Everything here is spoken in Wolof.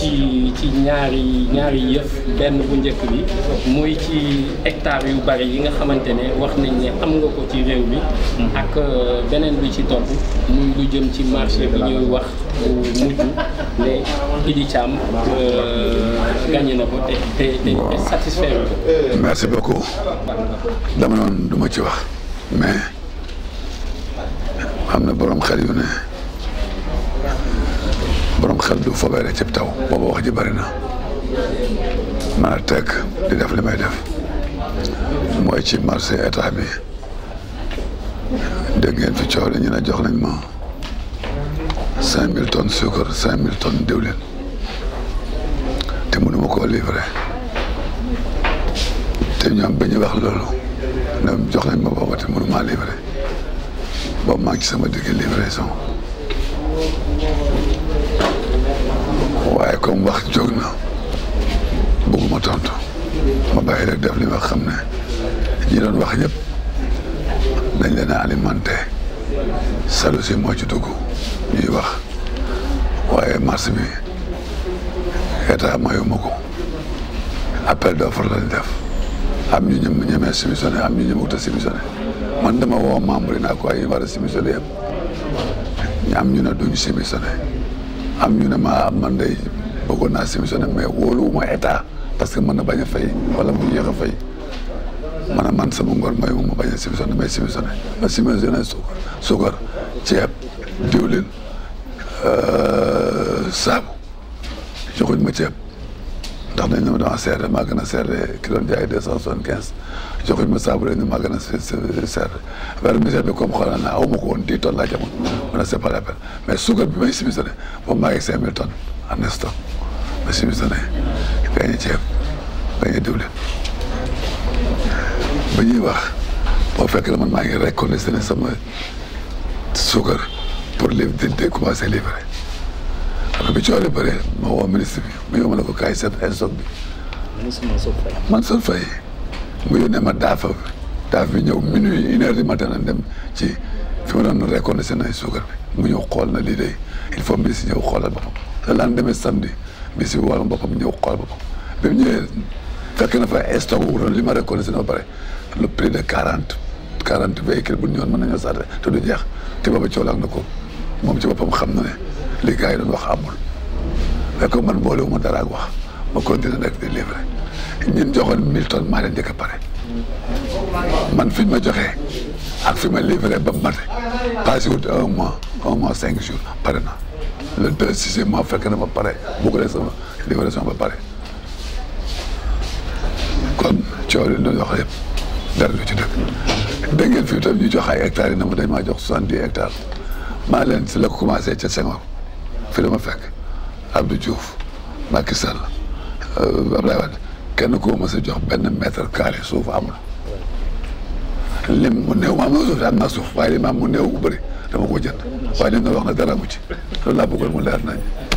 ci ñaari ñaari yëf benn bu njëkk bi muy ci hectare yu bari yi nga xamante ne wax nañ ne am nga ko ci réew mi ak euh, beneen bi ci topp muy lu jëm ci marché bi ñuy wax bu mujj ne Idi Thiam euh, gagné na ko te te te ko merci beaucoup dama noonu duma ci wax mais am na borom xel yu ne borom xel du foobee la cib taw booba wax ji bëri na teg di def li may def mooy ci marché état bi dégg ngeen fi coow ñu ne jox nañ ma cinq mille tonnes sucre cinq mille tonnes diwlin te mënuma koo livré te ñoom bi ñu wax loolu jox nañ ma booba te boobu maa ngi ci sama digg livraison waaye comme wax jóg na bëgguma tontu ma ba rek def li wax xam ne ñi doon wax ñëpp dañ leen a alimenté salu si moo ci dugg ñuy wax waaye marché bi état mayu ma ko appel d'offre lañ def am ñu ñëm ñemee soumissionné am ñu ñëmut a man dama woo membre yi naa ko ay war a soumissionné yëpp ñu am ñu ne duñ soumissionné am ñu ne ma man day bëggoon naa démissionné mais wóoluwuma état parce que mën na bañ a fay wala mu yéex a fay ma ne man sama ngor mooy ma bañ a démissionné may démissionné ma démissionné suukar suukar ceeb diwlin euh, saabu joxuñ ma ceeb. tax nañ ne ma dama serré maa gën a serré ki doon jaay deux cent soixante quinze joxuñ ma saabu rek ne maa gën a serré affaire bi serré comme xoolal naa aw ma ko woon dix tonnes laa jamoon ma ne c'est pas la peine mais suukar bi may simisalee boobu maa ngi cinq mille tonnes en stock ma simisalee gaañu ceeb gaañu diwlin ba ñuy wax boo fekk la man maa ngi récolté sama suukar pour li di commencé livrer ak bi coole bare ma woo ministre bi mu yóbbu ko kaay seet stock bi. Mansour Faye mu yónnee ma daafa daaf bi ñëw minuit une heure dem ci fi ma doon reconditionné ay suukar mu ñëw xool na lii day il faut ministre ñëw xoolal boppam te lan demee samedi ministre bi wàllum boppam ñëw xool boppam bi na fa stock wu doon li ma reconditionné ba pare le prix de quarante bu ñu ñëwoon mën nañoo sàrde te du jeex te booba coolaak na ko moom ci boppam xam na ne li yi doon wax amul mais comme man boole wu ma dara ak wax ma continué nag di livré ñun joxoon mille tonnes maa leen a pare man fi ma joxe ak fi ma livré ba mate passé wut un mois un mois cinq jours pare na le deux six mois fekk na ma pare bugg sama ba pare kon coow li ñu wax yëpp dara du ci dëkk dégg ngeen fii tam ñu jox ay hectares yi na mu dañ maa jox soixante dix hectares maa leen si la ko commencé ca Senghor fi la ma fekk Abdou Diouf Macky Sall euh, Abdoulaye Wade kenn koo mës a jox benn mètre carré suuf amul lim mu néew ma am na suuf am naa suuf waaye li ma am mu néew bu bëri dama ko jënd waaye li nga wax na dara mu ci loolu laa bëggoon mu leer nañ